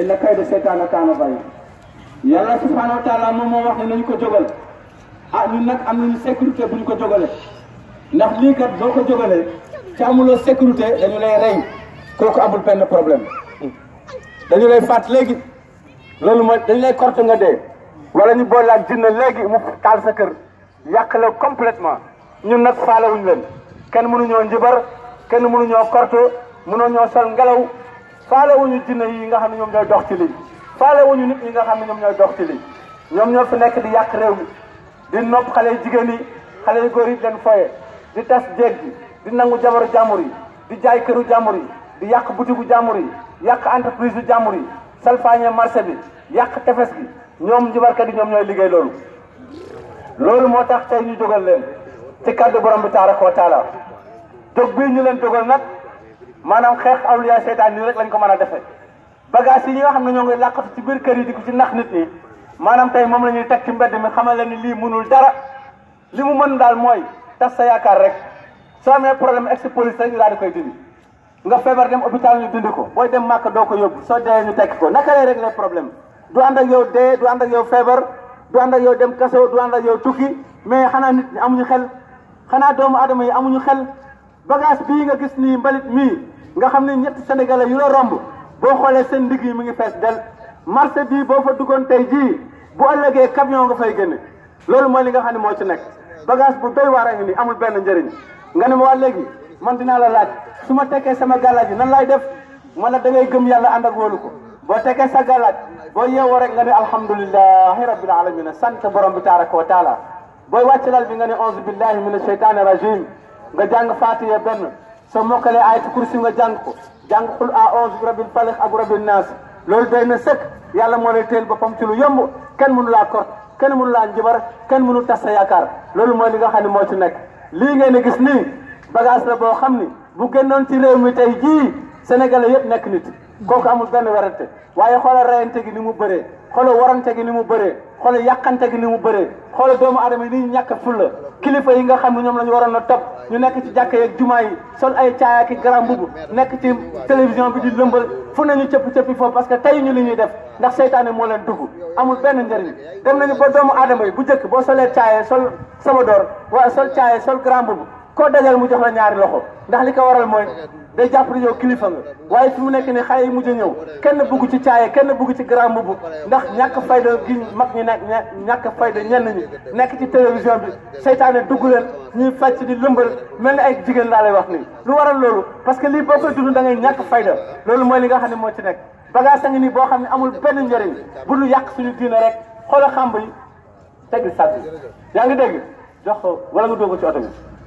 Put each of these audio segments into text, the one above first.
illa kaydu seytaane kaana bay yàlla subhanahu wa taala moom moo wax ne nañu ko jógal ah ñun nag am nañu sécurité bu ñu ko jógalee ndax lii kat boo ko jógalee ci amuloo sécurité dañu lay rey kooku amul benn problème dañu lay faat léegi loolu mooy dañu lay korte nga dee wala ñu boole ak jinne léegi mu taal sa kër yàq la complètement ñun nag faalewuñu leen kenn mënuñoo njibar kenn mënuñoo korte mënuñoo sol ngelaw faale wuñu jinne yi nga xam ne ñoom ñooy dox ci lii faale wuñu nit ñi nga xam ne ñoom ñooy dox ci lii ñoom ñoo fi nekk di yàq réew mi di nopp xale jigéen yi xale góor yi leen foye di tas jéeg di nangu jabaru jàmbur yi di jaay këru jàmbur yi di yàq butigu jàmbur yi yàq entreprise yu jàmbur yi salfaañe marché bi yàq tefes gi ñoom njibarkat yi ñoom ñooy liggéey loolu loolu moo tax tey ñu jógal leen ci kàddu borom bi taaraka wa taala jóg bii ñu leen jógal nag maanaam xeex awliya seytaan nii rek lañ ko mën a defee bagage yi ñi nga xam ne ñoo ngi làqatu ci biir kër yi di ko ci nax nit ñi maanaam tey moom la ñuy teg ci mbedd mi xamal leen ni lii mënul dara li mu mën daal mooy tas sa yaakaar rek soo amee problème ex police rek ñu daal dindi nga feebar dem hôpital ñu dindi ko booy dem màkk doo ko yóbbu soo dee ñu tekki ko naka lay régler problème du ànd ak yow dee du ànd ak yow feebar du ànd yow dem kaso du ànd ak yow tukki mais xanaa amuñu xel xanaa doomu adama yi amuñu xel bagage bii nga gis nii mbalit mii nga xam ne ñetti sénégalais yu la romb boo xoolee seen ndigg yi mu ngi fees del marché bii boo fa duggoon tey jii bu ëllëgee camion nga fay génne loolu mooy li nga xam ne moo ci nekk bagage bu doy waar a ngi nii amul benn njëriñ nga ne ma waa léegi man dinaa la laaj su ma tekkee sama galaaj yi nan laay def man la da ngay gëm yàlla ànd ak wóolu ko boo tekkee sa galaaj boo yeewoo rek nga ne alhamdulilahi rabbil alamina sant borom bi taaraka wa taala booy wàcc lal bi nga ne onze billahi min asheytaani rajim nga jàng faatiya benn soo mokkalee ayatu kursi nga jàng ko jàng xul a onze bi rabbil falaq ak rabbin naas loolu day na sëkk yàlla moo lay teel boppam ci lu yomb kenn mënu laa kort kenn mënu laa kenn mënu tas sa yaakaar loolu mooy li nga xam ne moo ci nekk lii ngeen di gis nii bagage la boo xam ni bu génnoon ci réew mi tey jii sénégalais yëpp nekk nit kooku amul benn werante waaye xoolal rayante gi ni mu bëree xoolal warante gi ni mu bëree xoolal yàqante gi ni mu bëree xoolal doomu adama yi ni ñu ñàkk fulla kilifa yi nga xam ne ñoom la ñu waroon a topp ñu nekk ci jàkka yeeg jumaa yi sol ay caaya ki grand mbubb nekk ci télévision bi di lëmbal fu nañu cëpp cëppi foofu parce que tey ñu li ñuy def ndax seytaane moo leen dugg amul benn njëriñ dem nañu ba doomu aadama yi bu njëkk boo solee caaya sol sama sabadoor wala sol caaya sol grand mbubb koo dajal mu jox la ñaari loxo ndax li ko waral mooy day jàpp ne yow kilifa nga waaye fi mu nekk ni xale yi mujj a ñëw kenn bugg ci caaye kenn bugg ci grand mbubb ndax ñàkk fayda gi mag ñi nekk ñàkk fayda ñenn ñi nekk ci télévision bi seytaane dugg leen ñuy fàcc di lëmbal mel ni ay jigéen laa lay wax nii lu waral loolu parce que lii boo koy dund da ñàkk fayda loolu mooy li nga xam ne moo ci nekk bagage a ngi nii boo xam ne amul benn njariñ bu lu yàq suñu diine rek xoola xàmb yi tegg sàbbi yaa ngi dégg jox wala nga dóoba ci oto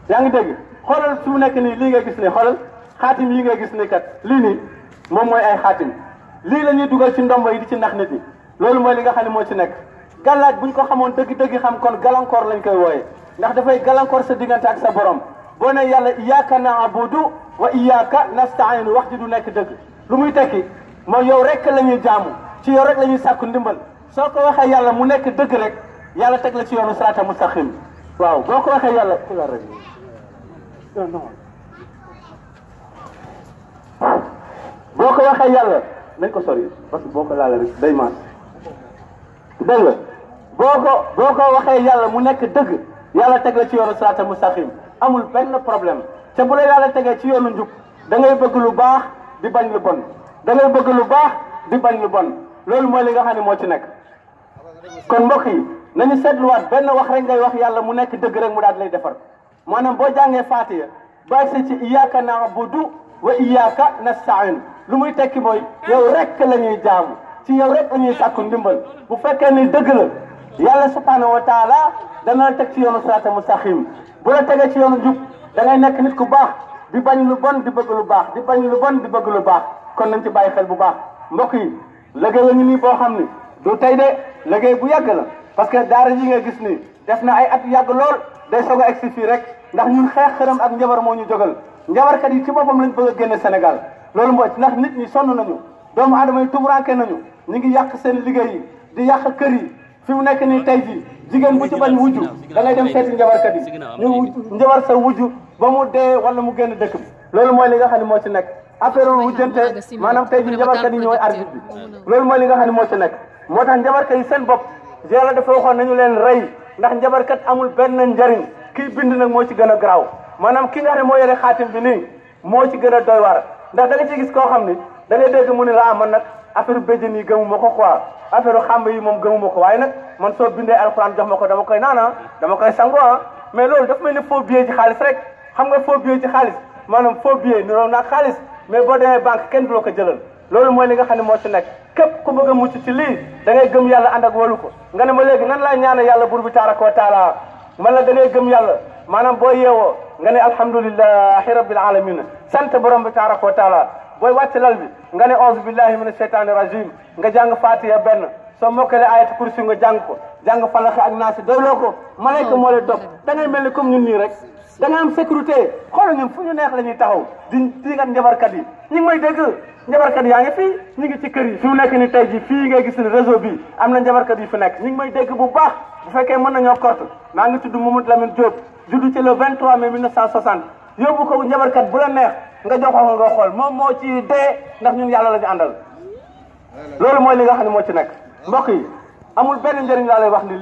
yaa ngi dégg xoolal su mu nekk nii lii nga gis ne xoolal xaatim yi nga gis ne kat lii ni moom mooy ay xaatim lii la ñuy dugal ci ndomba yi di ci nax nit ñi loolu mooy li nga xam ne moo ci nekk gàllaaj buñ ko xamoon dëgg dëgg xam kon galankor lañ koy wooyee ndax dafay galankor sa diggante ak sa borom boo ne yàlla iyaaka naabudu wa iyaaka nastain wax ji du nekk dëgg lu muy tekki mooy yow rek la ñuy jaamu ci yow rek la ñuy sàkku ndimbal soo ko waxee yàlla mu nekk dëgg rek yàlla teg la ci yoonu mustaqim waaw boo ko waxee ci la rek non non boko ko waxee menko nañ ko sori parce que boo ko laalee rek day maas dégg nga boo ko boo ko mu la ci mustaqim amul ben problème te bu la yàlla tegee ci yoonu njub da ngay bëgg lu baax di bañ lu bon da ngay bëgg lu baax di bañ lu bon loolu mooy li nga xam ne moo ci nekk kon mbokk yi nañu seetluwaat benn wax rek ngay wax yàlla mu nekk dëgg rek mu daal lay defar ci wa nastain lu muy tekki mooy yow rek la ñuy jaamu ci yow rek la ñuy sàkku ndimbal bu fekkee ni dëgg la yàlla subhanahu wa taala dana la teg ci yoonu siraatal mustaqim bu la tegee ci yoonu njub da ngay nekk nit ku baax di bañ lu bon di bëgg lu baax di bañ lu bon di bëgg lu baax kon nañ ci bàyyi xel bu baax mbokk yi liggéey la ñu nii boo xam ni du tey de liggéey bu yàgg la parce que daara ji nga gis nii def na ay at yàgg lool day soog a fii rek ndax ñun xeex xërëm ak njabar moo ñu jógal njabarkat yi ci boppam lañ bëgg a génne Sénégal loolu mooy ndax nit ñi sonn nañu doomu aadama yi tumuranke nañu ñu ngi yàq seen liggéey di yàq kër yi fi mu nekk nii tey jii jigéen bu ci bañ wujju da ngay dem seeti njabarkat yi ñu njabar sa wujju ba mu dee wala mu génn dëkk bi loolu mooy li nga xam ne moo ci nekk affaire wujjante maanaam tey jii njabarkat yi ñooy arbitre bi loolu mooy li nga xam ne moo ci nekk moo tax njabarkat yi seen bopp yàlla dafa waxoon nañu leen rey ndax njabarkat amul benn njariñ kii bind nag moo ci gën a garaaw maanaam ki nga xam ne moo yore xaatim bi nii moo ci gën a doy waar ndax da nga ciy gis koo xam ni da dégg mu ne la ah man nag affaire béjjën yi gëmuma ko quoi affaire xàmb yi moom gëmuma ko waaye nag man soo bindee alxuraan jox ma ko dama koy naanaa dama koy sango ah mais loolu dafa mel ni faux billet ci xaalis rek xam nga faux billet ci xaalis maanaam faux billet niroo naa xaalis mais boo demee banque kenn du la ko jëlal loolu mooy li nga xam ne moo ci nekk képp ku bëgg a mucc ci lii da gëm yàlla ànd ak walu ko nga ne ma léegi nan laa ñaane yàlla buur bi taara koo taala man la da gëm yàlla maanaam boo yeewoo ngane alhamdulillah rabbil alamin sant borom bi tabaraka wa taala boy wàcc lal bi ngane auzu billahi minash shaitani rajim nga jàng fatiha ben so mokale ayatu kursi nga jàng ko jàng falakh ak naasi do loko malayka mo le dog da ngay melni comme ñun ni rek da nga am sécurité xol ñu fu ñu neex lañuy taxaw di ngat ndebar kat yi ñi may deug njabarkat yaa ngi fi ñu ngi ci kër yi fi mu nekk ni tey ji fii nga gis ni réseau bi am na njabarkat yu fi nekk ñu ngi may dégg bu baax bu fekkee mën nañoo kort maa ngi tudd Mamadou Lamine Diop juddu ci le 23 mai 1960 yóbbu ko njabarkat bu la neex nga jox ko nga xool moom moo ci dee ndax ñun yàlla la ñu àndal loolu mooy li nga xam ne moo ci nekk mbokk yi amul benn njëriñ laa la wax ni